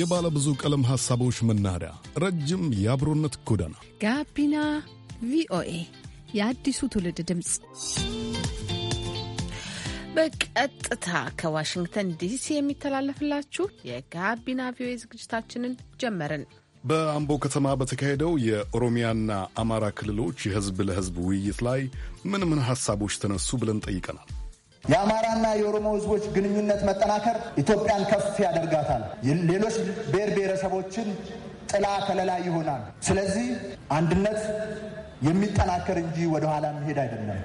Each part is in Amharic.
የባለ ብዙ ቀለም ሐሳቦች መናኸሪያ፣ ረጅም የአብሮነት ጎዳና ጋቢና ቪኦኤ የአዲሱ ትውልድ ድምፅ በቀጥታ ከዋሽንግተን ዲሲ የሚተላለፍላችሁ የጋቢና ቪኦኤ ዝግጅታችንን ጀመርን። በአምቦ ከተማ በተካሄደው የኦሮሚያና አማራ ክልሎች የህዝብ ለህዝብ ውይይት ላይ ምን ምን ሐሳቦች ተነሱ ብለን ጠይቀናል። የአማራና የኦሮሞ ህዝቦች ግንኙነት መጠናከር ኢትዮጵያን ከፍ ያደርጋታል፣ ሌሎች ብሔር ብሔረሰቦችን ጥላ ከለላ ይሆናል። ስለዚህ አንድነት የሚጠናከር እንጂ ወደኋላ መሄድ አይደለም።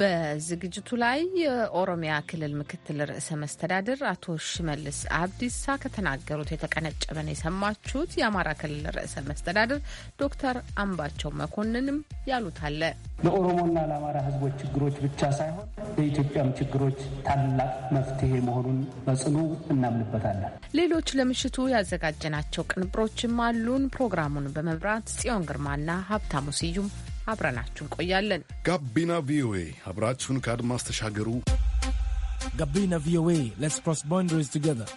በዝግጅቱ ላይ የኦሮሚያ ክልል ምክትል ርዕሰ መስተዳድር አቶ ሽመልስ አብዲሳ ከተናገሩት የተቀነጨበን የሰማችሁት። የአማራ ክልል ርዕሰ መስተዳድር ዶክተር አምባቸው መኮንንም ያሉት አለ። ለኦሮሞና ለአማራ ሕዝቦች ችግሮች ብቻ ሳይሆን ለኢትዮጵያም ችግሮች ታላቅ መፍትሄ መሆኑን በጽኑ እናምንበታለን። ሌሎች ለምሽቱ ያዘጋጀናቸው ቅንብሮችም አሉን። ፕሮግራሙን በመብራት ጽዮን ግርማና ሀብታሙ ስዩም አብረናችሁ እንቆያለን። ጋቢና ቪኦኤ አብራችሁን ከአድማስ ተሻገሩ። ጋቢና ቪኦኤ ሌትስ ክሮስ ባውንደሪስ ቱጌዘር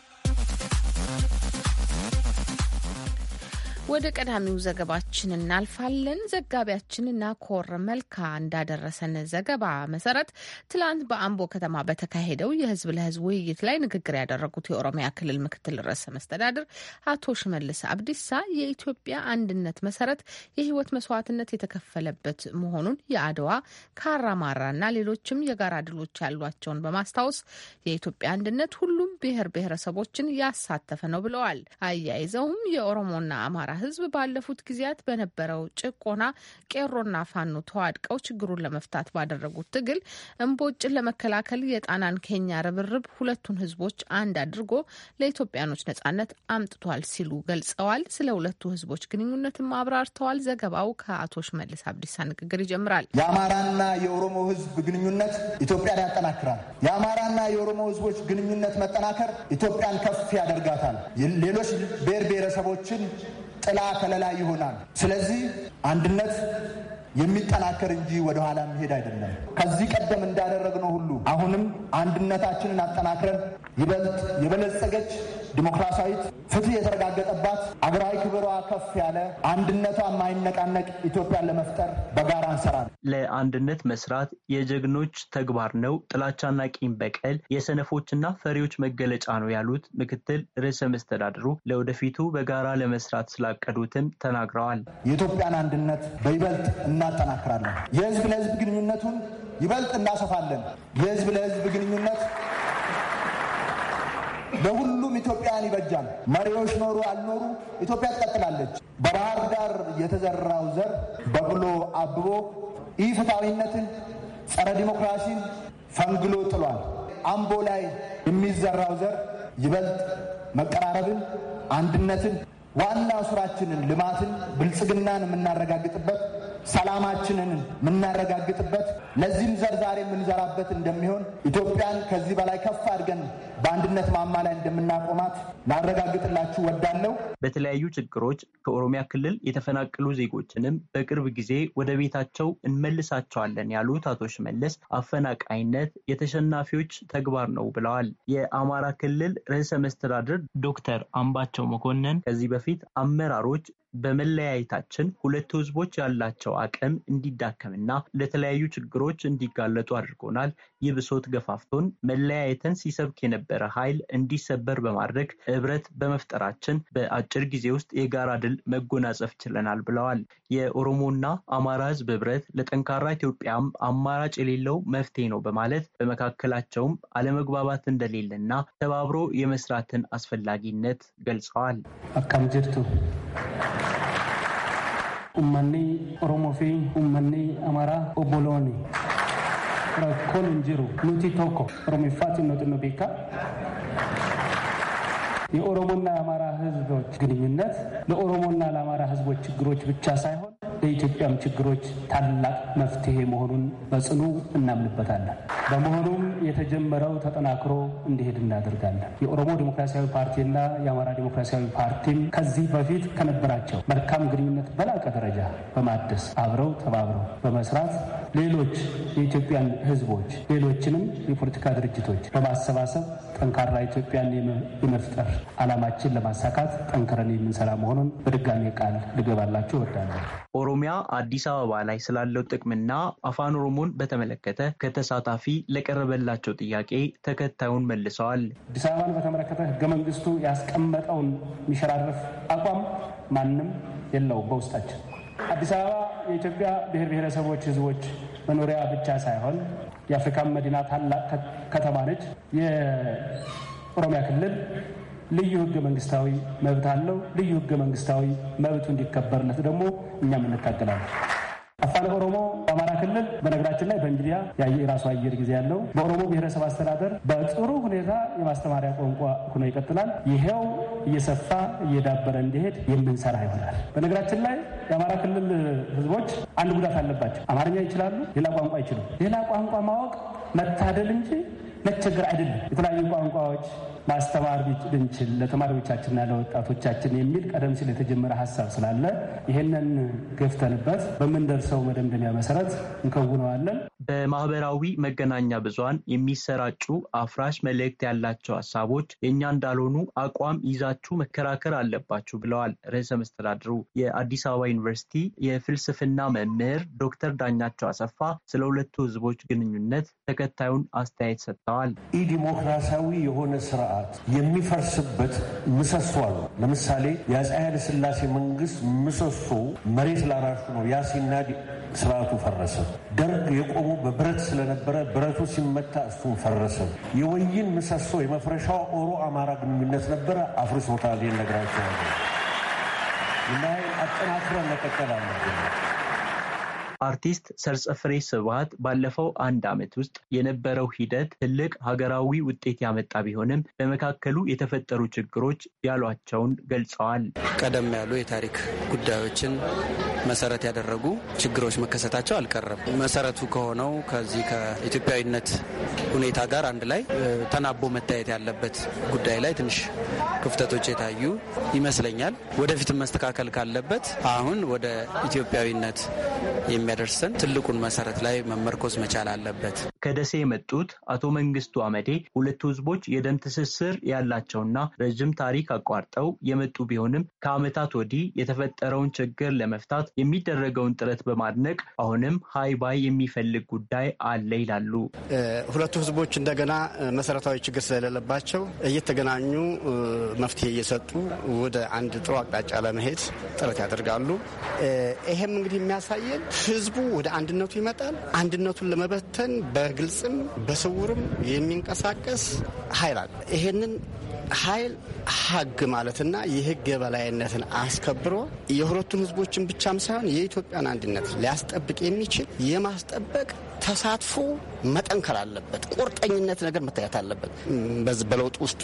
ወደ ቀዳሚው ዘገባችን እናልፋለን። ዘጋቢያችንና ኮር መልካ እንዳደረሰን ዘገባ መሰረት ትላንት በአምቦ ከተማ በተካሄደው የህዝብ ለህዝብ ውይይት ላይ ንግግር ያደረጉት የኦሮሚያ ክልል ምክትል ርዕሰ መስተዳድር አቶ ሽመልስ አብዲሳ የኢትዮጵያ አንድነት መሰረት የህይወት መስዋዕትነት የተከፈለበት መሆኑን የአድዋ ካራማራና ሌሎችም የጋራ ድሎች ያሏቸውን በማስታወስ የኢትዮጵያ አንድነት ሁሉም ብሔር ብሔረሰቦችን ያሳተፈ ነው ብለዋል። አያይዘውም የኦሮሞና አማራ ህዝብ ባለፉት ጊዜያት በነበረው ጭቆና ቄሮና ፋኖ ተዋድቀው ችግሩን ለመፍታት ባደረጉት ትግል እምቦጭን ለመከላከል የጣናን ኬኛ ርብርብ ሁለቱን ህዝቦች አንድ አድርጎ ለኢትዮጵያኖች ነጻነት አምጥቷል ሲሉ ገልጸዋል። ስለ ሁለቱ ህዝቦች ግንኙነትም አብራርተዋል። ዘገባው ከአቶ ሽመልስ አብዲሳ ንግግር ይጀምራል። የአማራና የኦሮሞ ህዝብ ግንኙነት ኢትዮጵያን ያጠናክራል። የአማራና የኦሮሞ ህዝቦች ግንኙነት መጠናከር ኢትዮጵያን ከፍ ያደርጋታል። ሌሎች ብሔር ብሔረሰቦችን ጥላ ከለላ ይሆናል። ስለዚህ አንድነት የሚጠናከር እንጂ ወደኋላ መሄድ አይደለም። ከዚህ ቀደም እንዳደረግነው ሁሉ አሁንም አንድነታችንን አጠናክረን ይበልጥ የበለጸገች ዲሞክራሲያዊት፣ ፍትህ የተረጋገጠባት፣ አገራዊ ክብሯ ከፍ ያለ፣ አንድነቷ የማይነቃነቅ ኢትዮጵያን ለመፍጠር በጋራ እንሰራለን። ለአንድነት መስራት የጀግኖች ተግባር ነው፣ ጥላቻና ቂም በቀል የሰነፎችና ፈሪዎች መገለጫ ነው ያሉት ምክትል ርዕሰ መስተዳድሩ ለወደፊቱ በጋራ ለመስራት ስላቀዱትም ተናግረዋል። የኢትዮጵያን አንድነት በይበልጥ እናጠናክራለን። የህዝብ ለህዝብ ግንኙነቱን ይበልጥ እናሰፋለን። የህዝብ ለህዝብ ግንኙነት ለሁሉም ኢትዮጵያን ይበጃል። መሪዎች ኖሩ አልኖሩ ኢትዮጵያ ትቀጥላለች። በባህር ዳር የተዘራው ዘር በብሎ አብቦ ኢፍትሐዊነትን፣ ጸረ ዲሞክራሲን ፈንግሎ ጥሏል። አምቦ ላይ የሚዘራው ዘር ይበልጥ መቀራረብን፣ አንድነትን፣ ዋና ስራችንን፣ ልማትን፣ ብልጽግናን የምናረጋግጥበት ሰላማችንን የምናረጋግጥበት ለዚህም ዘር ዛሬ የምንዘራበት እንደሚሆን ኢትዮጵያን ከዚህ በላይ ከፍ አድርገን በአንድነት ማማ ላይ እንደምናቆማት ላረጋግጥላችሁ ወዳለሁ። በተለያዩ ችግሮች ከኦሮሚያ ክልል የተፈናቀሉ ዜጎችንም በቅርብ ጊዜ ወደ ቤታቸው እንመልሳቸዋለን ያሉት አቶ ሽመለስ አፈናቃይነት የተሸናፊዎች ተግባር ነው ብለዋል። የአማራ ክልል ርዕሰ መስተዳድር ዶክተር አምባቸው መኮንን ከዚህ በፊት አመራሮች በመለያየታችን ሁለቱ ህዝቦች ያላቸው አቅም እንዲዳከምና ለተለያዩ ችግሮች እንዲጋለጡ አድርጎናል። ይህ ብሶት ገፋፍቶን መለያየትን ሲሰብክ የነበረ ኃይል እንዲሰበር በማድረግ ህብረት በመፍጠራችን በአጭር ጊዜ ውስጥ የጋራ ድል መጎናጸፍ ችለናል ብለዋል። የኦሮሞና አማራ ህዝብ ህብረት ለጠንካራ ኢትዮጵያም አማራጭ የሌለው መፍትሄ ነው በማለት በመካከላቸውም አለመግባባት እንደሌለና ተባብሮ የመስራትን አስፈላጊነት ገልጸዋል። አካም ummanni Oromoo fi ummanni Amaaraa obbolooni. Rakkoon hin jiru nuti tokko Oromifaatiin nuti nu beeka. የኦሮሞና የአማራ ህዝቦች ግንኙነት ለኦሮሞና ለአማራ ህዝቦች ችግሮች ብቻ ሳይሆን ለኢትዮጵያም ችግሮች ታላቅ መፍትሄ መሆኑን በጽኑ እናምንበታለን። በመሆኑም የተጀመረው ተጠናክሮ እንዲሄድ እናደርጋለን። የኦሮሞ ዴሞክራሲያዊ ፓርቲና የአማራ ዴሞክራሲያዊ ፓርቲም ከዚህ በፊት ከነበራቸው መልካም ግንኙነት በላቀ ደረጃ በማደስ አብረው ተባብረው በመስራት ሌሎች የኢትዮጵያን ህዝቦች ሌሎችንም የፖለቲካ ድርጅቶች በማሰባሰብ ጠንካራ ኢትዮጵያን የመፍጠር አላማችን ለማሳካት ጠንክረን የምንሰራ መሆኑን በድጋሜ ቃል ልገባላችሁ እወዳለሁ። ኦሮሚያ አዲስ አበባ ላይ ስላለው ጥቅምና አፋን ኦሮሞን በተመለከተ ከተሳታፊ ለቀረበላቸው ጥያቄ ተከታዩን መልሰዋል። አዲስ አበባን በተመለከተ ህገ መንግስቱ ያስቀመጠውን የሚሸራረፍ አቋም ማንም የለውም በውስጣችን አዲስ አበባ የኢትዮጵያ ብሔር ብሔረሰቦች ህዝቦች መኖሪያ ብቻ ሳይሆን የአፍሪካ መዲና ታላቅ ከተማ ነች። የኦሮሚያ ክልል ልዩ ህገ መንግስታዊ መብት አለው። ልዩ ህገ መንግስታዊ መብቱ እንዲከበርለት ደግሞ እኛም እንታገላለን። አፋን ኦሮሞ በአማራ ክልል በነገራችን ላይ በሚዲያ ያየ የራሱ አየር ጊዜ ያለው በኦሮሞ ብሔረሰብ አስተዳደር በጥሩ ሁኔታ የማስተማሪያ ቋንቋ ሆኖ ይቀጥላል። ይሄው እየሰፋ እየዳበረ እንዲሄድ የምንሰራ ይሆናል። በነገራችን ላይ የአማራ ክልል ህዝቦች አንድ ጉዳት አለባቸው። አማርኛ ይችላሉ፣ ሌላ ቋንቋ አይችሉም። ሌላ ቋንቋ ማወቅ መታደል እንጂ መቸገር አይደለም። የተለያዩ ቋንቋዎች ማስተማር ብንችል ለተማሪዎቻችንና ለወጣቶቻችን የሚል ቀደም ሲል የተጀመረ ሀሳብ ስላለ ይህንን ገፍተንበት በምንደርሰው መደምደሚያ መሰረት እንከውነዋለን። በማህበራዊ መገናኛ ብዙሃን የሚሰራጩ አፍራሽ መልእክት ያላቸው ሀሳቦች የእኛ እንዳልሆኑ አቋም ይዛችሁ መከራከር አለባችሁ ብለዋል ርዕሰ መስተዳድሩ። የአዲስ አበባ ዩኒቨርሲቲ የፍልስፍና መምህር ዶክተር ዳኛቸው አሰፋ ስለ ሁለቱ ህዝቦች ግንኙነት ተከታዩን አስተያየት ሰጥተዋል። ኢ ዲሞክራሲያዊ የሆነ ስራ ስርዓት የሚፈርስበት ምሰሶ አሉ። ለምሳሌ የአፄ ኃይለ ሥላሴ መንግስት ምሰሶ መሬት ላራሹ ነው። ያ ሲናድ ስርዓቱ ፈረሰ። ደርግ የቆሙ በብረት ስለነበረ ብረቱ ሲመታ እሱም ፈረሰ። የወይን ምሰሶ የመፍረሻው ኦሮ አማራ ግንኙነት ነበረ። አፍርሶታል። ይነግራቸዋል እና አጠናክረን መቀጠል አለብን። አርቲስት ሰርጸፍሬ ስብሐት ባለፈው አንድ ዓመት ውስጥ የነበረው ሂደት ትልቅ ሀገራዊ ውጤት ያመጣ ቢሆንም በመካከሉ የተፈጠሩ ችግሮች ያሏቸውን ገልጸዋል። ቀደም ያሉ የታሪክ ጉዳዮችን መሰረት ያደረጉ ችግሮች መከሰታቸው አልቀረም። መሰረቱ ከሆነው ከዚህ ከኢትዮጵያዊነት ሁኔታ ጋር አንድ ላይ ተናቦ መታየት ያለበት ጉዳይ ላይ ትንሽ ክፍተቶች የታዩ ይመስለኛል። ወደፊትም መስተካከል ካለበት አሁን ወደ ኢትዮጵያዊነት የሚያ የሚያደርሰን ትልቁን መሰረት ላይ መመርኮዝ መቻል አለበት። ከደሴ የመጡት አቶ መንግስቱ አመዴ ሁለቱ ህዝቦች የደም ትስስር ያላቸውና ረዥም ታሪክ አቋርጠው የመጡ ቢሆንም ከአመታት ወዲህ የተፈጠረውን ችግር ለመፍታት የሚደረገውን ጥረት በማድነቅ አሁንም ሀይ ባይ የሚፈልግ ጉዳይ አለ ይላሉ። ሁለቱ ህዝቦች እንደገና መሰረታዊ ችግር ስለሌለባቸው እየተገናኙ መፍትሄ እየሰጡ ወደ አንድ ጥሩ አቅጣጫ ለመሄድ ጥረት ያደርጋሉ። ይሄም እንግዲህ የሚያሳየን ህዝቡ ወደ አንድነቱ ይመጣል። አንድነቱን ለመበተን በ በግልጽም በስውርም የሚንቀሳቀስ ኃይል አለ። ይሄንን ኃይል ሀግ ማለትና የህግ የበላይነትን አስከብሮ የሁለቱን ህዝቦችን ብቻም ሳይሆን የኢትዮጵያን አንድነት ሊያስጠብቅ የሚችል የማስጠበቅ ተሳትፎ መጠንከር አለበት። ቁርጠኝነት ነገር መታየት አለበት። በዚህ በለውጥ ውስጥ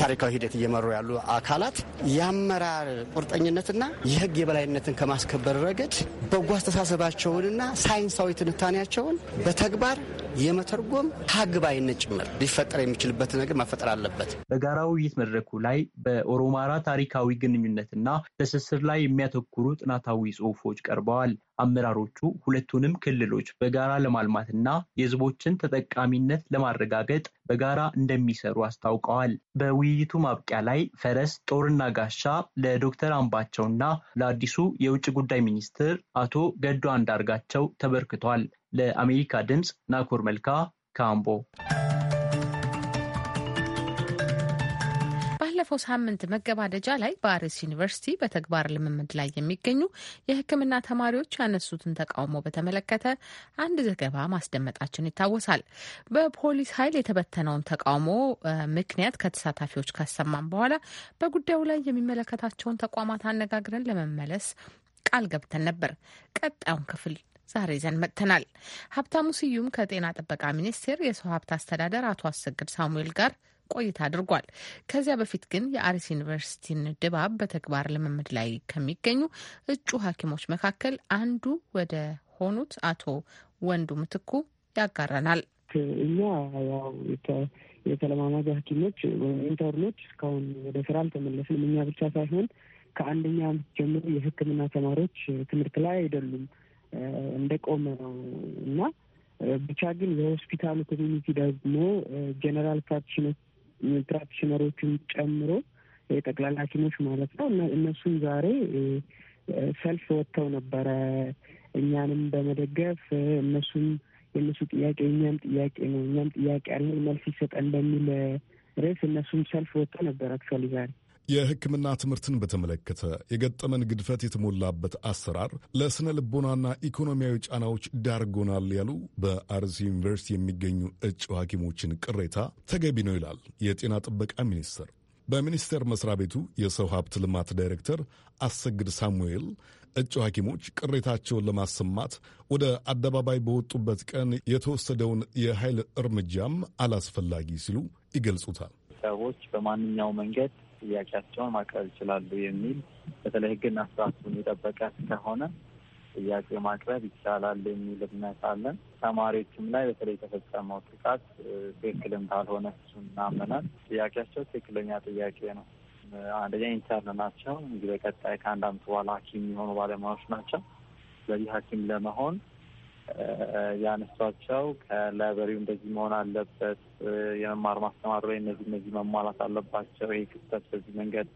ታሪካዊ ሂደት እየመሩ ያሉ አካላት የአመራር ቁርጠኝነትና የህግ የበላይነትን ከማስከበር ረገድ በጎ አስተሳሰባቸውንና ሳይንሳዊ ትንታኔያቸውን በተግባር የመተርጎም ታግባይነት ጭምር ሊፈጠር የሚችልበት ነገር መፈጠር አለበት። በጋራ ውይይት መድረኩ ላይ በኦሮማራ ታሪካዊ ግንኙነትና ትስስር ላይ የሚያተኩሩ ጥናታዊ ጽሁፎች ቀርበዋል። አመራሮቹ ሁለቱንም ክልሎች በጋራ ለማልማትና የህዝቦችን ተጠቃሚነት ለማረጋገጥ በጋራ እንደሚሰሩ አስታውቀዋል። በውይይቱ ማብቂያ ላይ ፈረስ ጦርና ጋሻ ለዶክተር አምባቸውና ለአዲሱ የውጭ ጉዳይ ሚኒስትር አቶ ገዱ አንዳርጋቸው ተበርክቷል። ለአሜሪካ ድምፅ ናኮር መልካ ካምቦ ባለፈው ሳምንት መገባደጃ ላይ በአርስ ዩኒቨርሲቲ በተግባር ልምምድ ላይ የሚገኙ የሕክምና ተማሪዎች ያነሱትን ተቃውሞ በተመለከተ አንድ ዘገባ ማስደመጣችን ይታወሳል። በፖሊስ ኃይል የተበተነውን ተቃውሞ ምክንያት ከተሳታፊዎች ካሰማን በኋላ በጉዳዩ ላይ የሚመለከታቸውን ተቋማት አነጋግረን ለመመለስ ቃል ገብተን ነበር። ቀጣዩን ክፍል ዛሬ ይዘን መጥተናል። ሀብታሙ ስዩም ከጤና ጥበቃ ሚኒስቴር የሰው ሀብት አስተዳደር አቶ አሰግድ ሳሙኤል ጋር ቆይታ አድርጓል። ከዚያ በፊት ግን የአርሲ ዩኒቨርሲቲን ድባብ በተግባር ልምምድ ላይ ከሚገኙ እጩ ሐኪሞች መካከል አንዱ ወደ ሆኑት አቶ ወንዱ ምትኩ ያጋራናል። እኛ ያው የተለማማጅ ሐኪሞች ወይም ኢንተርኖች እስካሁን ወደ ስራ አልተመለስንም። እኛ ብቻ ሳይሆን ከአንደኛ ዓመት ጀምሮ የሕክምና ተማሪዎች ትምህርት ላይ አይደሉም እንደ ቆመ ነው እና ብቻ ግን የሆስፒታሉ ኮሚኒቲ ደግሞ ጀነራል ፕራክቲሽነሮች ፕራክቲሽነሮችን ጨምሮ የጠቅላላ ሐኪሞች ማለት ነው። እነሱም ዛሬ ሰልፍ ወጥተው ነበረ እኛንም በመደገፍ እነሱም የእነሱ ጥያቄ እኛም ጥያቄ ነው እኛም ጥያቄ ያለን መልስ ይሰጠን በሚል ርዕስ እነሱም ሰልፍ ወጥተው ነበር አክቹዋሊ ዛሬ የሕክምና ትምህርትን በተመለከተ የገጠመን ግድፈት የተሞላበት አሰራር ለስነ ልቦናና ኢኮኖሚያዊ ጫናዎች ዳርጎናል ያሉ በአርሲ ዩኒቨርሲቲ የሚገኙ እጩ ሐኪሞችን ቅሬታ ተገቢ ነው ይላል የጤና ጥበቃ ሚኒስቴር። በሚኒስቴር መስሪያ ቤቱ የሰው ሀብት ልማት ዳይሬክተር አሰግድ ሳሙኤል እጩ ሐኪሞች ቅሬታቸውን ለማሰማት ወደ አደባባይ በወጡበት ቀን የተወሰደውን የኃይል እርምጃም አላስፈላጊ ሲሉ ይገልጹታል። ሰዎች በማንኛው መንገድ ጥያቄያቸውን ማቅረብ ይችላሉ የሚል በተለይ ሕግና ስርዓቱን የጠበቀ ከሆነ ጥያቄ ማቅረብ ይቻላል የሚል እምነት አለን። ተማሪዎችም ላይ በተለይ የተፈጸመው ጥቃት ትክክል እንዳልሆነ እሱ እናምናል። ጥያቄያቸው ትክክለኛ ጥያቄ ነው። አንደኛ ኢንተርን ናቸው። እንግዲህ በቀጣይ ከአንድ አመት በኋላ ሐኪም የሚሆኑ ባለሙያዎች ናቸው። ስለዚህ ሐኪም ለመሆን ያነሷቸው ከላይብረሪው እንደዚህ መሆን አለበት፣ የመማር ማስተማር ላይ እነዚህ እነዚህ መሟላት አለባቸው፣ ይህ ክፍተት በዚህ መንገድ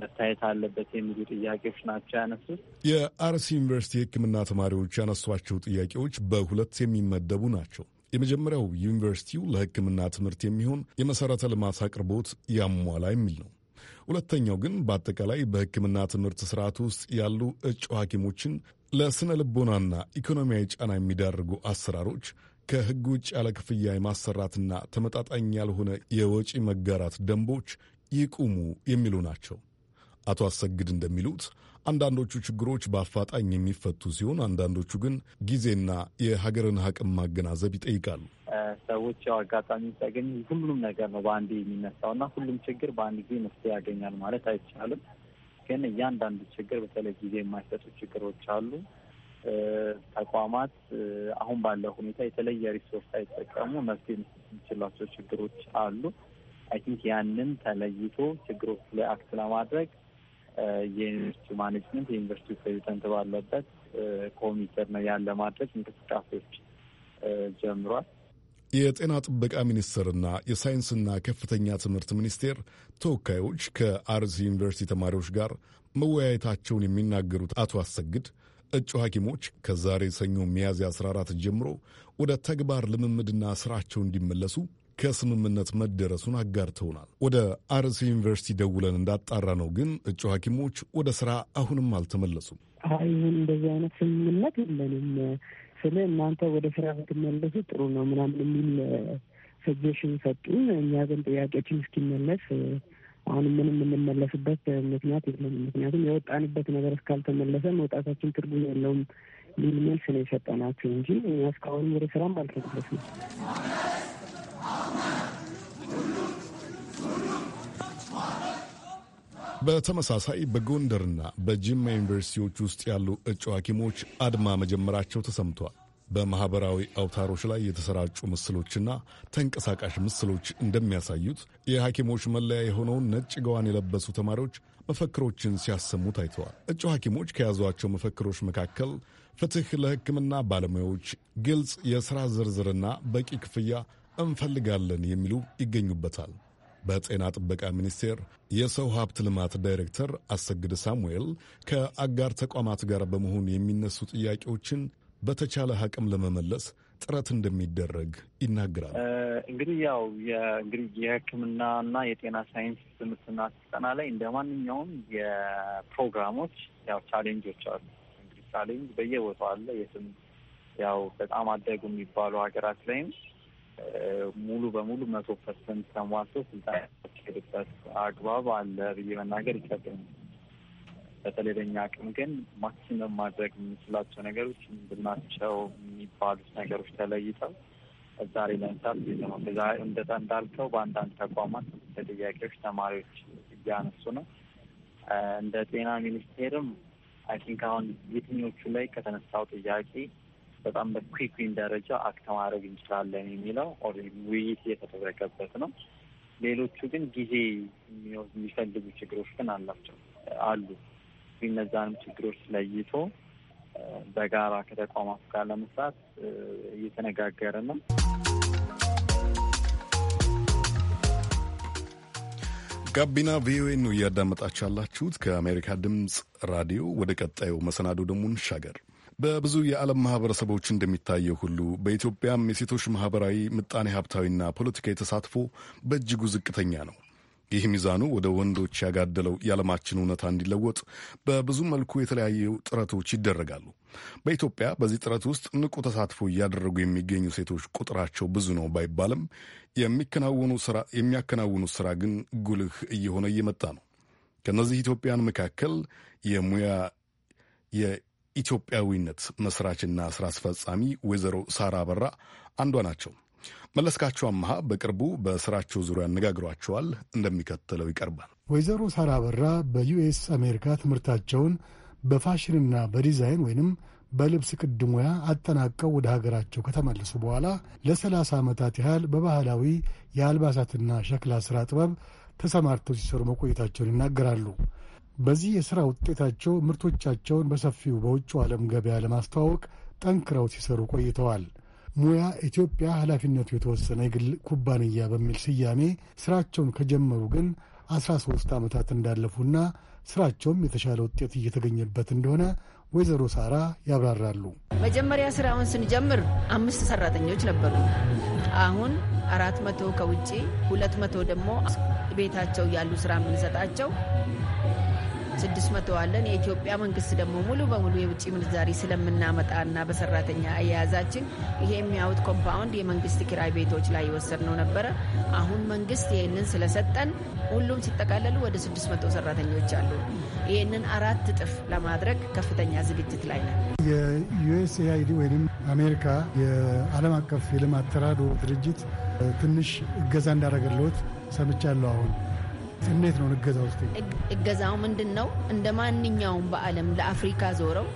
መታየት አለበት የሚሉ ጥያቄዎች ናቸው ያነሱት። የአርሲ ዩኒቨርሲቲ የሕክምና ተማሪዎች ያነሷቸው ጥያቄዎች በሁለት የሚመደቡ ናቸው። የመጀመሪያው ዩኒቨርሲቲው ለሕክምና ትምህርት የሚሆን የመሰረተ ልማት አቅርቦት ያሟላ የሚል ነው። ሁለተኛው ግን በአጠቃላይ በሕክምና ትምህርት ስርዓት ውስጥ ያሉ እጩ ሐኪሞችን ለስነ ልቦናና ኢኮኖሚያዊ ጫና የሚዳርጉ አሰራሮች ከሕግ ውጭ ያለ ክፍያ የማሰራትና ተመጣጣኝ ያልሆነ የወጪ መጋራት ደንቦች ይቁሙ የሚሉ ናቸው። አቶ አሰግድ እንደሚሉት አንዳንዶቹ ችግሮች በአፋጣኝ የሚፈቱ ሲሆን፣ አንዳንዶቹ ግን ጊዜና የሀገርን አቅም ማገናዘብ ይጠይቃሉ። ሰዎች ያው አጋጣሚ ሲያገኙ ሁሉንም ነገር ነው በአንዴ የሚነሳውና ሁሉም ችግር በአንድ ጊዜ መፍትሄ ያገኛል ማለት አይቻልም። ግን እያንዳንዱ ችግር በተለይ ጊዜ የማይሰጡ ችግሮች አሉ። ተቋማት አሁን ባለው ሁኔታ የተለየ ሪሶርስ አይጠቀሙ መፍትሄ መስጠት የሚችሏቸው ችግሮች አሉ። አይ ቲንክ ያንን ተለይቶ ችግሮች ላይ አክት ለማድረግ የዩኒቨርሲቲ ማኔጅመንት የዩኒቨርሲቲ ፕሬዚደንት ባለበት ኮሚቴ ነው ያለ ማድረግ እንቅስቃሴዎች ጀምሯል። የጤና ጥበቃ ሚኒስቴርና የሳይንስና ከፍተኛ ትምህርት ሚኒስቴር ተወካዮች ከአርሲ ዩኒቨርሲቲ ተማሪዎች ጋር መወያየታቸውን የሚናገሩት አቶ አሰግድ እጩ ሐኪሞች ከዛሬ ሰኞ ሚያዝያ 14 ጀምሮ ወደ ተግባር ልምምድና ስራቸው እንዲመለሱ ከስምምነት መደረሱን አጋርተውናል። ወደ አርሲ ዩኒቨርሲቲ ደውለን እንዳጣራ ነው ግን እጩ ሐኪሞች ወደ ስራ አሁንም አልተመለሱም። አይሁን እንደዚህ አይነት ስምምነት የለንም ስለ እናንተ ወደ ስራ ብትመለሱ ጥሩ ነው ምናምን የሚል ሰጀሽን ሰጡን። እኛ ግን ጥያቄያችን እስኪመለስ አሁን ምንም የምንመለስበት ምክንያት የለም። ምክንያቱም የወጣንበት ነገር እስካልተመለሰ መውጣታችን ትርጉም የለውም የሚል መልስ ነው የሰጠናቸው እንጂ እኛ እስካሁንም ወደ ስራም አልተመለስንም። በተመሳሳይ በጎንደርና በጅማ ዩኒቨርሲቲዎች ውስጥ ያሉ እጩ ሐኪሞች አድማ መጀመራቸው ተሰምቷል። በማኅበራዊ አውታሮች ላይ የተሰራጩ ምስሎችና ተንቀሳቃሽ ምስሎች እንደሚያሳዩት የሐኪሞች መለያ የሆነውን ነጭ ገዋን የለበሱ ተማሪዎች መፈክሮችን ሲያሰሙ ታይተዋል። እጩ ሐኪሞች ከያዟቸው መፈክሮች መካከል ፍትሕ ለሕክምና ባለሙያዎች፣ ግልጽ የሥራ ዝርዝርና በቂ ክፍያ እንፈልጋለን የሚሉ ይገኙበታል። በጤና ጥበቃ ሚኒስቴር የሰው ሀብት ልማት ዳይሬክተር አሰግድ ሳሙኤል ከአጋር ተቋማት ጋር በመሆን የሚነሱ ጥያቄዎችን በተቻለ አቅም ለመመለስ ጥረት እንደሚደረግ ይናገራል። እንግዲህ ያው እንግዲህ እና የጤና ሳይንስ ትምህርትና ስልጠና ላይ እንደ ማንኛውም የፕሮግራሞች ያው ቻሌንጆች አሉ። እንግዲህ ቻሌንጅ በየቦታው አለ። የትም ያው በጣም አደጉ የሚባሉ ሀገራት ላይም ሙሉ በሙሉ መቶ ፐርሰንት ተሟልቶ ስልጣን የሚካሄድበት አግባብ አለ ብዬ መናገር ይከብደኛል። በተለይ በኛ አቅም ግን ማክሲመም ማድረግ የምንችላቸው ነገሮች ምንድናቸው የሚባሉት ነገሮች ተለይተው ዛሬ ለምሳሌ እንደዛ እንዳልከው በአንዳንድ ተቋማት ተጠያቂዎች ተማሪዎች እያነሱ ነው። እንደ ጤና ሚኒስቴርም አይ ቲንክ አሁን የትኞቹ ላይ ከተነሳው ጥያቄ በጣም በኩክዊን ደረጃ አክተ ማድረግ እንችላለን የሚለው ውይይት እየተደረገበት ነው። ሌሎቹ ግን ጊዜ የሚፈልጉ ችግሮች ግን አላቸው አሉ። እነዛንም ችግሮች ለይቶ በጋራ ከተቋማት ጋር ለመስራት እየተነጋገረ ነው። ጋቢና ቪኦኤ ነው እያዳመጣችሁ ያላችሁት ከአሜሪካ ድምፅ ራዲዮ። ወደ ቀጣዩ መሰናዶ ደግሞ እንሻገር። በብዙ የዓለም ማህበረሰቦች እንደሚታየው ሁሉ በኢትዮጵያም የሴቶች ማህበራዊ፣ ምጣኔ ሀብታዊና ፖለቲካዊ ተሳትፎ በእጅጉ ዝቅተኛ ነው። ይህ ሚዛኑ ወደ ወንዶች ያጋደለው የዓለማችን እውነታ እንዲለወጥ በብዙ መልኩ የተለያዩ ጥረቶች ይደረጋሉ። በኢትዮጵያ በዚህ ጥረት ውስጥ ንቁ ተሳትፎ እያደረጉ የሚገኙ ሴቶች ቁጥራቸው ብዙ ነው ባይባልም የሚያከናውኑት ስራ ግን ጉልህ እየሆነ እየመጣ ነው። ከእነዚህ ኢትዮጵያን መካከል የሙያ ኢትዮጵያዊነት መስራችና ስራ አስፈጻሚ ወይዘሮ ሳራ በራ አንዷ ናቸው። መለስካቸው አመሃ በቅርቡ በስራቸው ዙሪያ አነጋግሯቸዋል። እንደሚከተለው ይቀርባል። ወይዘሮ ሳራ በራ በዩኤስ አሜሪካ ትምህርታቸውን በፋሽንና በዲዛይን ወይንም በልብስ ቅድ ሙያ አጠናቀው ወደ ሀገራቸው ከተመለሱ በኋላ ለሰላሳ ዓመታት ያህል በባህላዊ የአልባሳትና ሸክላ ሥራ ጥበብ ተሰማርተው ሲሰሩ መቆየታቸውን ይናገራሉ። በዚህ የሥራ ውጤታቸው ምርቶቻቸውን በሰፊው በውጭው ዓለም ገበያ ለማስተዋወቅ ጠንክረው ሲሰሩ ቆይተዋል። ሙያ ኢትዮጵያ ኃላፊነቱ የተወሰነ የግል ኩባንያ በሚል ስያሜ ሥራቸውን ከጀመሩ ግን አስራ ሦስት ዓመታት እንዳለፉና ሥራቸውም የተሻለ ውጤት እየተገኘበት እንደሆነ ወይዘሮ ሳራ ያብራራሉ። መጀመሪያ ስራውን ስንጀምር አምስት ሰራተኞች ነበሩ። አሁን አራት መቶ ከውጭ ሁለት መቶ ደግሞ ቤታቸው ያሉ ስራ የምንሰጣቸው ስድስት መቶ አለን። የኢትዮጵያ መንግስት ደግሞ ሙሉ በሙሉ የውጭ ምንዛሪ ስለምናመጣና በሰራተኛ አያያዛችን ይሄ የሚያዩት ኮምፓውንድ የመንግስት ኪራይ ቤቶች ላይ የወሰድነው ነበረ። አሁን መንግስት ይህንን ስለሰጠን ሁሉም ሲጠቃለሉ ወደ ስድስት መቶ ሰራተኞች አሉ። ይህንን አራት እጥፍ ለማድረግ ከፍተኛ ዝግጅት ላይ ነው። የዩኤስኤአይዲ ወይም አሜሪካ የዓለም አቀፍ የልማት ተራድኦ ድርጅት ትንሽ እገዛ እንዳደረገለት ሰምቻለሁ አሁን እንዴት ነው እገዛው? እስኪ እገዛው ምንድን ነው? እንደ ማንኛውም በዓለም ለአፍሪካ ዞረው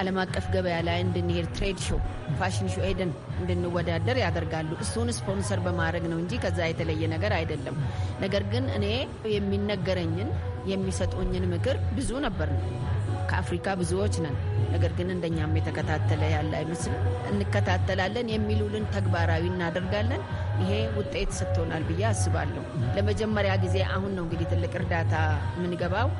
ዓለም አቀፍ ገበያ ላይ እንድንሄድ ትሬድ ሾው፣ ፋሽን ሾው ሄደን እንድንወዳደር ያደርጋሉ። እሱን ስፖንሰር በማድረግ ነው እንጂ ከዛ የተለየ ነገር አይደለም። ነገር ግን እኔ የሚነገረኝን የሚሰጡኝን ምክር ብዙ ነበር ነው። ከአፍሪካ ብዙዎች ነን። ነገር ግን እንደኛም የተከታተለ ያለ አይመስልም። እንከታተላለን፣ የሚሉልን ተግባራዊ እናደርጋለን። ይሄ ውጤት ሰጥቶናል ብዬ አስባለሁ። ለመጀመሪያ ጊዜ አሁን ነው እንግዲህ ትልቅ እርዳታ የምንገባው።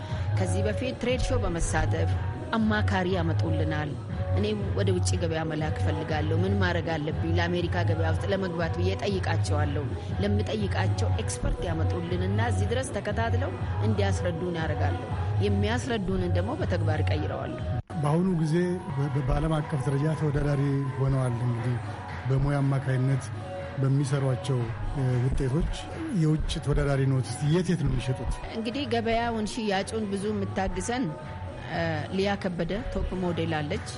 ከዚህ በፊት ትሬድ ሾ በመሳተፍ አማካሪ ያመጡልናል እኔም ወደ ውጭ ገበያ መላክ እፈልጋለሁ፣ ምን ማድረግ አለብኝ ለአሜሪካ ገበያ ውስጥ ለመግባት ብዬ ጠይቃቸዋለሁ። ለምጠይቃቸው ኤክስፐርት ያመጡልንና እዚህ ድረስ ተከታትለው እንዲያስረዱን ያደርጋለሁ። የሚያስረዱንን ደግሞ በተግባር ቀይረዋለሁ። በአሁኑ ጊዜ በዓለም አቀፍ ደረጃ ተወዳዳሪ ሆነዋል። እንግዲህ በሙያ አማካይነት በሚሰሯቸው ውጤቶች የውጭ ተወዳዳሪ ኖት የት የት ነው የሚሸጡት? እንግዲህ ገበያውን ሽያጩን ብዙ የምታግሰን ሊያ ከበደ ቶፕ ሞዴል አለች።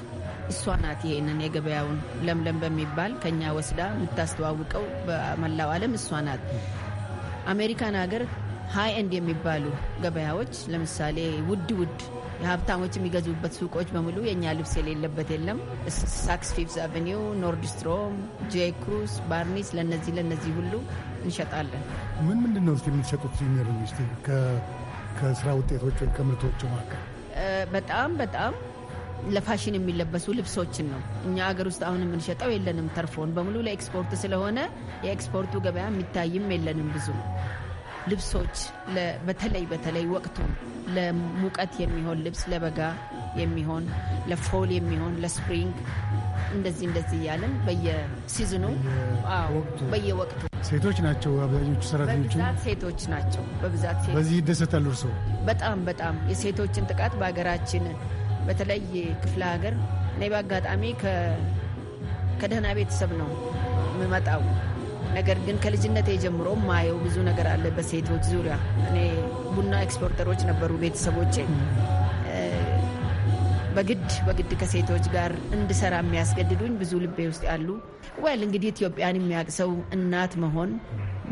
እሷ ናት ይሄንን የገበያውን ለምለም በሚባል ከኛ ወስዳ የምታስተዋውቀው በመላው ዓለም እሷ ናት። አሜሪካን ሀገር ሀይ ኤንድ የሚባሉ ገበያዎች ለምሳሌ ውድ ውድ የሀብታሞች የሚገዙበት ሱቆች በሙሉ የእኛ ልብስ የሌለበት የለም። ሳክስ ፊፍዝ አቨኒው፣ ኖርድስትሮም፣ ጄ ክሩስ፣ ባርኒስ ለነዚህ ለነዚህ ሁሉ እንሸጣለን። ምን ምንድን ነው የምትሸጡት? ከስራ ውጤቶች ወይ ከምርቶች መካከል በጣም በጣም ለፋሽን የሚለበሱ ልብሶችን ነው። እኛ አገር ውስጥ አሁን የምንሸጠው የለንም። ተርፎን በሙሉ ለኤክስፖርት ስለሆነ የኤክስፖርቱ ገበያ የሚታይም የለንም ብዙ ልብሶች በተለይ በተለይ ወቅቱ ለሙቀት የሚሆን ልብስ ለበጋ የሚሆን ለፎል የሚሆን ለስፕሪንግ እንደዚህ እንደዚህ እያለን በየሲዝኑ በየወቅቱ ሴቶች ናቸው አብዛኞቹ ሰራተኞቹ ሴቶች ናቸው በብዛት በዚህ ይደሰታሉ እርስዎ በጣም በጣም የሴቶችን ጥቃት በሀገራችን በተለይ ክፍለ ሀገር እኔ በአጋጣሚ ከደህና ቤተሰብ ነው የምመጣው። ነገር ግን ከልጅነት ጀምሮ ማየው ብዙ ነገር አለ በሴቶች ዙሪያ። እኔ ቡና ኤክስፖርተሮች ነበሩ ቤተሰቦቼ። በግድ በግድ ከሴቶች ጋር እንድሰራ የሚያስገድዱኝ ብዙ ልቤ ውስጥ ያሉ ወል እንግዲህ ኢትዮጵያን የሚያውቅ ሰው እናት መሆን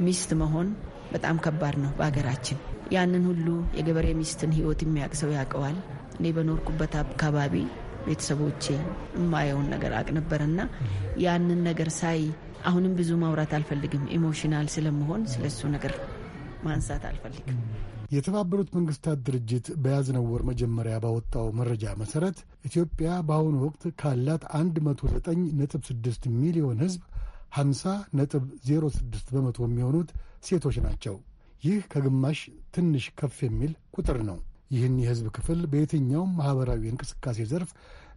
ሚስት መሆን በጣም ከባድ ነው በሀገራችን። ያንን ሁሉ የገበሬ ሚስትን ህይወት የሚያውቅ ሰው ያውቀዋል። እኔ በኖርኩበት አካባቢ ቤተሰቦቼ የማየውን ነገር አቅ ነበርና ያንን ነገር ሳይ አሁንም ብዙ ማውራት አልፈልግም። ኢሞሽናል ስለመሆን ስለሱ ነገር ማንሳት አልፈልግም። የተባበሩት መንግስታት ድርጅት በያዝነው ወር መጀመሪያ ባወጣው መረጃ መሰረት ኢትዮጵያ በአሁኑ ወቅት ካላት 109.6 ሚሊዮን ህዝብ 50.06 በመቶ የሚሆኑት ሴቶች ናቸው። ይህ ከግማሽ ትንሽ ከፍ የሚል ቁጥር ነው። ይህን የህዝብ ክፍል በየትኛውም ማኅበራዊ እንቅስቃሴ ዘርፍ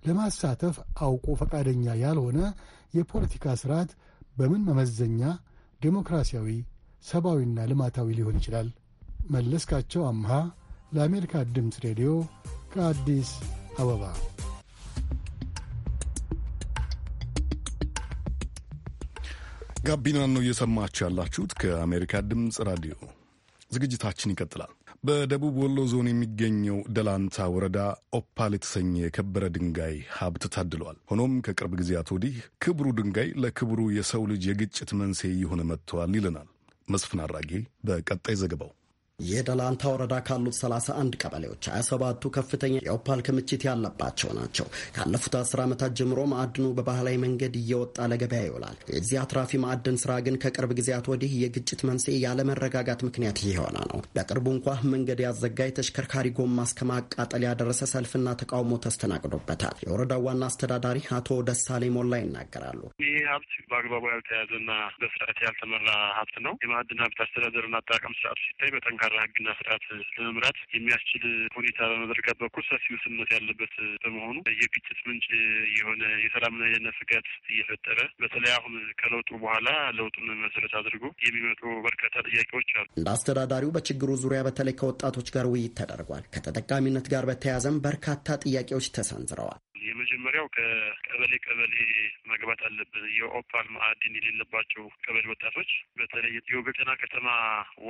ለማሳተፍ አውቆ ፈቃደኛ ያልሆነ የፖለቲካ ስርዓት በምን መመዘኛ ዴሞክራሲያዊ፣ ሰብአዊና ልማታዊ ሊሆን ይችላል? መለስካቸው አምሃ ለአሜሪካ ድምፅ ሬዲዮ ከአዲስ አበባ። ጋቢናን ነው እየሰማችሁ ያላችሁት። ከአሜሪካ ድምፅ ራዲዮ ዝግጅታችን ይቀጥላል። በደቡብ ወሎ ዞን የሚገኘው ደላንታ ወረዳ ኦፓል የተሰኘ የከበረ ድንጋይ ሀብት ታድሏል። ሆኖም ከቅርብ ጊዜያት ወዲህ ክብሩ ድንጋይ ለክብሩ የሰው ልጅ የግጭት መንስኤ እየሆነ መጥተዋል ይለናል መስፍን አራጌ በቀጣይ ዘገባው። የደላንታ ወረዳ ካሉት 31 ቀበሌዎች 27ቱ ከፍተኛ የኦፓል ክምችት ያለባቸው ናቸው። ካለፉት 10 ዓመታት ጀምሮ ማዕድኑ በባህላዊ መንገድ እየወጣ ለገበያ ይውላል። የዚህ አትራፊ ማዕድን ስራ ግን ከቅርብ ጊዜያት ወዲህ የግጭት መንስኤ ያለመረጋጋት ምክንያት እየሆነ ነው። በቅርቡ እንኳ መንገድ ያዘጋ ተሽከርካሪ ጎማ እስከ ማቃጠል ያደረሰ ሰልፍና ተቃውሞ ተስተናግዶበታል። የወረዳው ዋና አስተዳዳሪ አቶ ደሳሌ ሞላ ይናገራሉ። ይህ ሀብት በአግባቡ ያልተያዘና በስርዓት ያልተመራ ሀብት ነው። የማዕድን ሀብት አስተዳደርና አጠቃቀም ስርዓቱ ሲታይ በጠንካ ጠንካራ ህግና ስርዓት ለመምራት የሚያስችል ሁኔታ በመዘርጋት በኩል ሰፊ ውስንነት ያለበት በመሆኑ የግጭት ምንጭ የሆነ የሰላምና የደህንነት ስጋት እየፈጠረ በተለይ አሁን ከለውጡ በኋላ ለውጡን መሰረት አድርጎ የሚመጡ በርካታ ጥያቄዎች አሉ። እንደ አስተዳዳሪው በችግሩ ዙሪያ በተለይ ከወጣቶች ጋር ውይይት ተደርጓል። ከተጠቃሚነት ጋር በተያያዘም በርካታ ጥያቄዎች ተሰንዝረዋል። የመጀመሪያው ከቀበሌ ቀበሌ መግባት አለብን። የኦፓል ማዕድን የሌለባቸው ቀበሌ ወጣቶች በተለይ የወገጤና ከተማ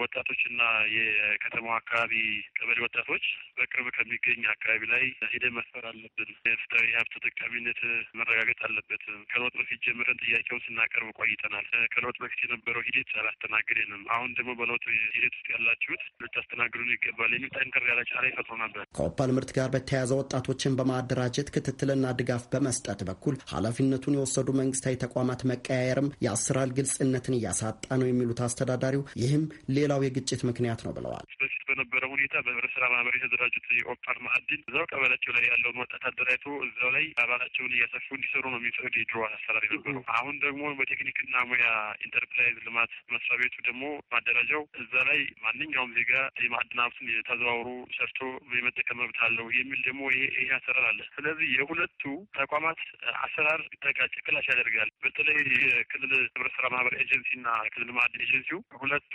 ወጣቶችና የከተማው አካባቢ ቀበሌ ወጣቶች በቅርብ ከሚገኝ አካባቢ ላይ ሂደ መስፈር አለብን። የፍትሐዊ ሀብት ተጠቃሚነት መረጋገጥ አለበት። ከለውጥ በፊት ጀምረን ጥያቄውን ስናቀርብ ቆይተናል። ከለውጥ በፊት የነበረው ሂደት አላስተናግደንም። አሁን ደግሞ በለውጥ ሂደት ውስጥ ያላችሁት ልታስተናግዱን ይገባል የሚል ጠንከር ያለ ጫና ይፈጥሮ ነበር። ከኦፓል ምርት ጋር በተያያዘ ወጣቶችን በማደራጀት ክትትልና ድጋፍ በመስጠት በኩል ኃላፊነቱን የወሰዱ መንግስታዊ ተቋማት መቀያየርም የአሰራር ግልጽነትን እያሳጣ ነው የሚሉት አስተዳዳሪው፣ ይህም ሌላው የግጭት ምክንያት ነው ብለዋል። በነበረ ሁኔታ በህብረት ስራ ማህበር የተደራጁት የኦፓር ማዕድን እዛው ቀበላቸው ላይ ያለውን ወጣት አደራጅቶ እዛው ላይ አባላቸውን እያሰፉ እንዲሰሩ ነው የሚፈቅድ የድሮ አሰራር ነበሩ። አሁን ደግሞ በቴክኒክና ሙያ ኢንተርፕራይዝ ልማት መስሪያ ቤቱ ደግሞ ማደራጃው እዛ ላይ ማንኛውም ዜጋ የማዕድን ሀብቱን ተዘዋውሮ ሰርቶ የመጠቀም መብት አለው የሚል ደግሞ ይሄ አሰራር አለ። ስለዚህ የሁለቱ ተቋማት አሰራር ተጋጭ ክላሽ ያደርጋል። በተለይ የክልል ህብረት ስራ ማህበር ኤጀንሲና ክልል ማዕድን ኤጀንሲው ሁለቱ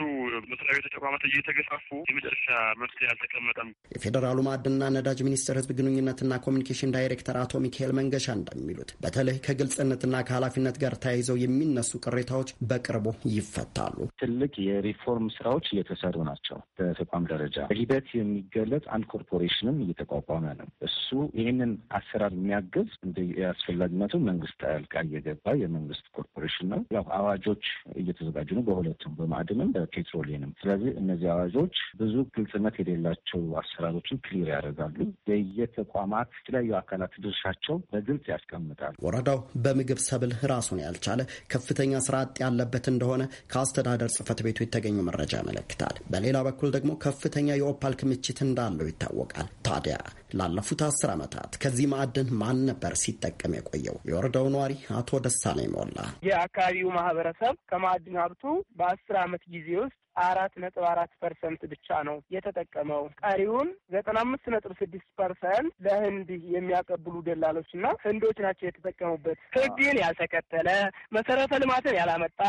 መስሪያ ቤቱ ተቋማት እየተገፋፉ የመጨረሻ መፍትሄ አልተቀመጠም። የፌዴራሉ ማዕድንና ነዳጅ ሚኒስቴር ህዝብ ግንኙነትና ኮሚኒኬሽን ዳይሬክተር አቶ ሚካኤል መንገሻ እንደሚሉት በተለይ ከግልጽነትና ከኃላፊነት ጋር ተያይዘው የሚነሱ ቅሬታዎች በቅርቡ ይፈታሉ። ትልቅ የሪፎርም ስራዎች እየተሰሩ ናቸው። በተቋም ደረጃ በሂደት የሚገለጽ አንድ ኮርፖሬሽንም እየተቋቋመ ነው። እሱ ይህንን አሰራር የሚያግዝ እንደ አስፈላጊነቱ መንግስት ጠልቃ እየገባ የመንግስት ኮርፖሬሽን ነው። ያው አዋጆች እየተዘጋጁ ነው፣ በሁለቱም በማዕድንም በፔትሮሊየምም። ስለዚህ እነዚህ አዋጆች ብዙ ግልጽነት የሌላቸው አሰራሮችን ክሊር ያደርጋሉ። በየተቋማት የተለያዩ አካላት ድርሻቸው በግልጽ ያስቀምጣል። ወረዳው በምግብ ሰብል ራሱን ያልቻለ ከፍተኛ ስራ አጥ ያለበት እንደሆነ ከአስተዳደር ጽህፈት ቤቱ የተገኙ መረጃ ያመለክታል። በሌላ በኩል ደግሞ ከፍተኛ የኦፓል ክምችት እንዳለው ይታወቃል። ታዲያ ላለፉት አስር ዓመታት ከዚህ ማዕድን ማን ነበር ሲጠቀም የቆየው? የወረዳው ነዋሪ አቶ ነው ይሞላ። የአካባቢው ማህበረሰብ ከማዕድን ሀብቱ በአስር ዓመት ጊዜ ውስጥ አራት ነጥብ አራት ፐርሰንት ብቻ ነው የተጠቀመው። ቀሪውን ዘጠና አምስት ነጥብ ስድስት ፐርሰንት ለህንድ የሚያቀብሉ ደላሎች እና ህንዶች ናቸው የተጠቀሙበት። ህግን ያልተከተለ መሰረተ ልማትን ያላመጣ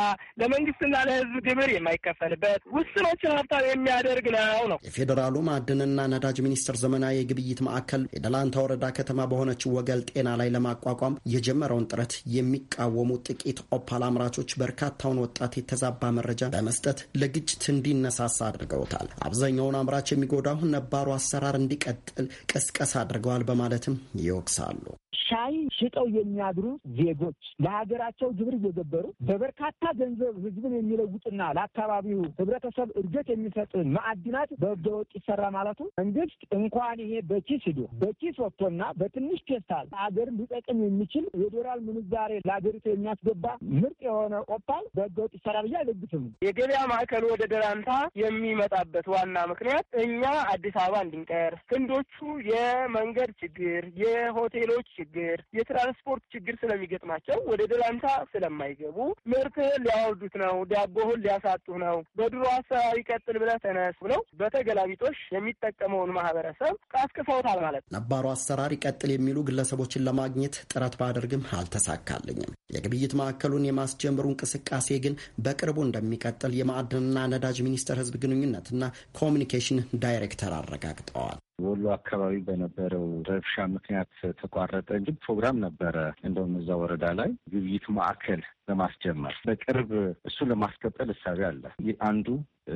ለመንግስትና ለህዝብ ግብር የማይከፈልበት ውስኖችን ሀብታም የሚያደርግ ነው ነው የፌዴራሉ ማዕድንና ነዳጅ ሚኒስቴር ዘመናዊ የግብይት ማዕከል የደላንታ ወረዳ ከተማ በሆነችው ወገል ጤና ላይ ለማቋቋም የጀመረውን ጥረት የሚቃወሙ ጥቂት ኦፓል አምራቾች በርካታውን ወጣት የተዛባ መረጃ በመስጠት ለግጭ ምርት እንዲነሳሳ አድርገውታል። አብዛኛውን አምራች የሚጎዳው ነባሩ አሰራር እንዲቀጥል ቅስቀሳ አድርገዋል በማለትም ይወቅሳሉ። ሻይ ሽጠው የሚያድሩ ዜጎች ለሀገራቸው ግብር እየገበሩ በበርካታ ገንዘብ ህዝብን የሚለውጥና ለአካባቢው ህብረተሰብ እድገት የሚሰጥ ማዕድናት በህገወጥ ይሰራ ማለቱ መንግስት እንኳን ይሄ በኪስ ሂዶ በኪስ ወጥቶና በትንሽ ፔስታል ሀገርን ሊጠቅም የሚችል የዶላር ምንዛሬ ለሀገሪቱ የሚያስገባ ምርጥ የሆነ ኦፓል በህገወጥ ይሰራ ብዬ አልገግትም። የገበያ ማዕከል ወደ ደራንታ የሚመጣበት ዋና ምክንያት እኛ አዲስ አበባ እንድንቀር ክንዶቹ የመንገድ ችግር፣ የሆቴሎች ችግር ችግር፣ የትራንስፖርት ችግር ስለሚገጥማቸው ወደ ደላንታ ስለማይገቡ ምርትህን ሊያወርዱት ነው፣ ዳቦህን ሊያሳጡህ ነው፣ በድሮ አሰራር ይቀጥል ብለህ ተነስ ብለው በተገላቢጦሽ የሚጠቀመውን ማህበረሰብ አስቅፈውታል ማለት ነው። ነባሩ አሰራር ይቀጥል የሚሉ ግለሰቦችን ለማግኘት ጥረት ባደርግም አልተሳካልኝም። የግብይት ማዕከሉን የማስጀምሩ እንቅስቃሴ ግን በቅርቡ እንደሚቀጥል የማዕድንና ነዳጅ ሚኒስቴር ህዝብ ግንኙነትና ኮሚኒኬሽን ዳይሬክተር አረጋግጠዋል። ወሎ አካባቢ በነበረው ረብሻ ምክንያት ተቋረጠ እንጂ ፕሮግራም ነበረ። እንደውም እዛ ወረዳ ላይ ግብይት ማዕከል ለማስጀመር በቅርብ እሱን ለማስቀጠል እሳቤ አለ። አንዱ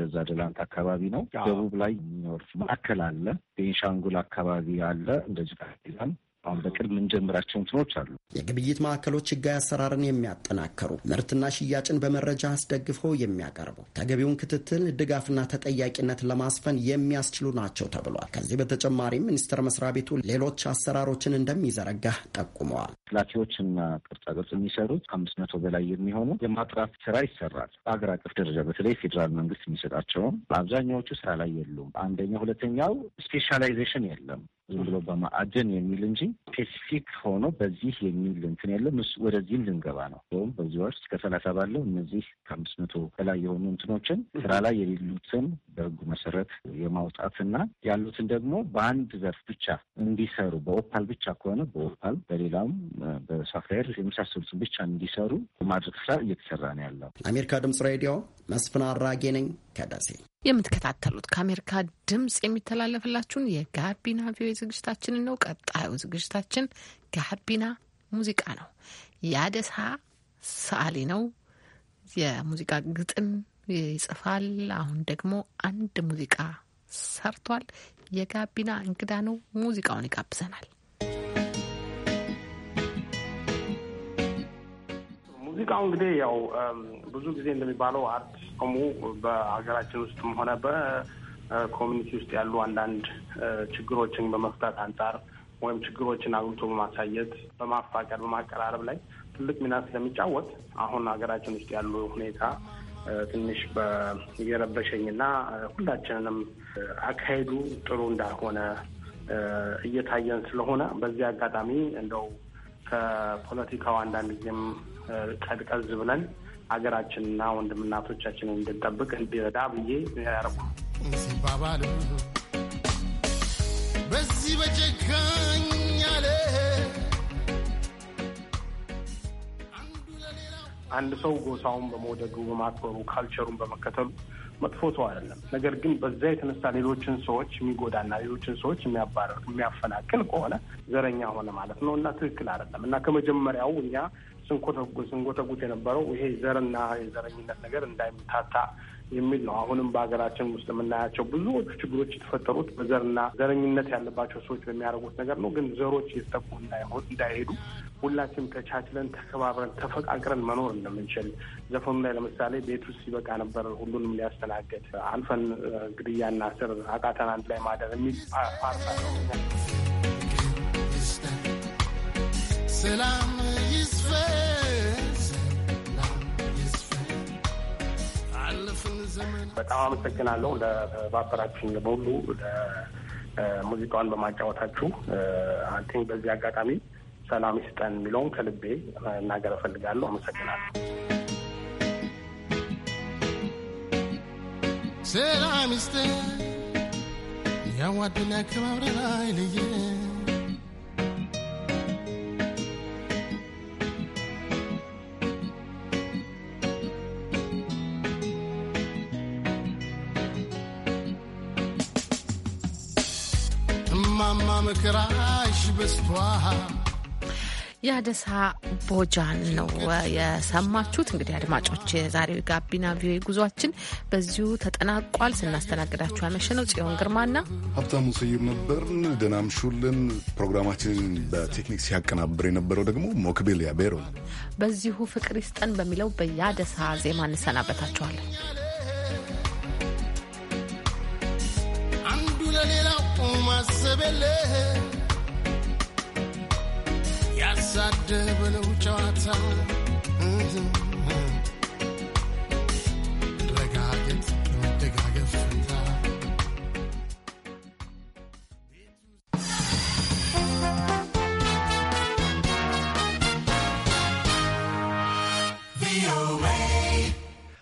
እዛ ደላንት አካባቢ ነው። ደቡብ ላይ የሚኖር ማዕከል አለ። ቤንሻንጉል አካባቢ አለ። እንደዚህ አሁን በቅርብ የምንጀምራቸው እንትኖች አሉ። የግብይት ማዕከሎች ህጋዊ አሰራርን የሚያጠናከሩ ምርትና ሽያጭን በመረጃ አስደግፎ የሚያቀርቡ ተገቢውን ክትትል ድጋፍና ተጠያቂነት ለማስፈን የሚያስችሉ ናቸው ተብሏል። ከዚህ በተጨማሪም ሚኒስቴር መስሪያ ቤቱ ሌሎች አሰራሮችን እንደሚዘረጋ ጠቁመዋል። ላኪዎችና ቅርጻቅርጽ የሚሰሩት ከአምስት መቶ በላይ የሚሆኑ የማጥራት ስራ ይሰራል። በሀገር አቀፍ ደረጃ በተለይ ፌዴራል መንግስት የሚሰጣቸውም በአብዛኛዎቹ ስራ ላይ የሉም። አንደኛ ሁለተኛው ስፔሻላይዜሽን የለም። ዝም ብሎ በማዕድን የሚል እንጂ ስፔሲፊክ ሆኖ በዚህ የሚል እንትን የለም። እሱ ወደዚህም ልንገባ ነው። ም በዚህ ወር እስከ ሰላሳ ባለው እነዚህ ከአምስት መቶ በላይ የሆኑ እንትኖችን ስራ ላይ የሌሉትን በህጉ መሰረት የማውጣትና ያሉትን ደግሞ በአንድ ዘርፍ ብቻ እንዲሰሩ በኦፓል ብቻ ከሆነ በኦፓል በሌላም በሶፍትዌር የመሳሰሉትን ብቻ እንዲሰሩ ማድረግ ስራ እየተሰራ ነው ያለው። አሜሪካ ድምጽ ሬዲዮ መስፍን አራጌ ነኝ ከደሴ። የምትከታተሉት ከአሜሪካ ድምጽ የሚተላለፍላችሁን የጋቢና ቪኦኤ ዝግጅታችንን ነው። ቀጣዩ ዝግጅታችን ጋቢና ሙዚቃ ነው። ያደሳ ሰዓሊ ነው። የሙዚቃ ግጥም ይጽፋል። አሁን ደግሞ አንድ ሙዚቃ ሰርቷል። የጋቢና እንግዳ ነው። ሙዚቃውን ይጋብዘናል። ሙዚቃው እንግዲህ ያው ብዙ ጊዜ እንደሚባለው አርቲስት ሲቆሙ በሀገራችን ውስጥም ሆነ በኮሚኒቲ ውስጥ ያሉ አንዳንድ ችግሮችን በመፍታት አንጻር ወይም ችግሮችን አጉልቶ በማሳየት በማፋቀር በማቀራረብ ላይ ትልቅ ሚና ስለሚጫወት አሁን ሀገራችን ውስጥ ያሉ ሁኔታ ትንሽ የረበሸኝና ሁላችንንም አካሄዱ ጥሩ እንዳልሆነ እየታየን ስለሆነ በዚህ አጋጣሚ እንደው ከፖለቲካው አንዳንድ ጊዜም ቀድቀዝ ብለን ሀገራችንና ወንድምናቶቻችንን እንድንጠብቅ እንዲረዳ ብዬ ያረኩ ሲባባል በዚህ በጨካኛለ አንድ ሰው ጎሳውን በመውደዱ በማክበሩ ካልቸሩን በመከተሉ መጥፎ ሰው አይደለም። ነገር ግን በዛ የተነሳ ሌሎችን ሰዎች የሚጎዳና ሌሎችን ሰዎች የሚያባረር የሚያፈናቅል ከሆነ ዘረኛ ሆነ ማለት ነው እና ትክክል አይደለም እና ከመጀመሪያው እኛ ስንጎተጉት የነበረው ይሄ ዘርና የዘረኝነት ነገር እንዳይምታታ የሚል ነው። አሁንም በሀገራችን ውስጥ የምናያቸው ብዙዎቹ ችግሮች የተፈጠሩት በዘርና ዘረኝነት ያለባቸው ሰዎች በሚያደርጉት ነገር ነው። ግን ዘሮች የተጠቁ እንዳይሆን እንዳይሄዱ ሁላችንም ተቻችለን ተከባብረን ተፈቃቅረን መኖር እንደምንችል ዘፈኑ ላይ ለምሳሌ ቤት ውስጥ ይበቃ ነበር ሁሉንም ሊያስተናገድ አልፈን ግድያና ስር አቃተን አንድ ላይ ማደር የሚል ፓርታ ነው። በጣም አመሰግናለሁ ለባበራችን በሁሉ ሙዚቃውን በማጫወታችሁ አንቲን በዚህ አጋጣሚ ሰላም ይስጠን የሚለውን ከልቤ እናገር እፈልጋለሁ። አመሰግናለሁ። ሰላም ይስጠን ያዋድና ከባብረን አይለየን ምክራሽ የአደሳ ቦጃን ነው የሰማችሁት። እንግዲህ አድማጮች የዛሬው ጋቢና ቪኦኤ ጉዟችን በዚሁ ተጠናቋል። ስናስተናግዳችሁ ያመሸ ነው ጽዮን ግርማና ሀብታሙ ስዩም ነበርን። ደህና ምሹልን። ፕሮግራማችንን በቴክኒክ ሲያቀናብር የነበረው ደግሞ ሞክቤል ያቤሮ። በዚሁ ፍቅር ይስጠን በሚለው በያደሳ ዜማ እንሰናበታችኋለን። ያሰበልህ ያሳደበለው ጨዋታ ረጋገጥ መደጋገፍ ፈንታ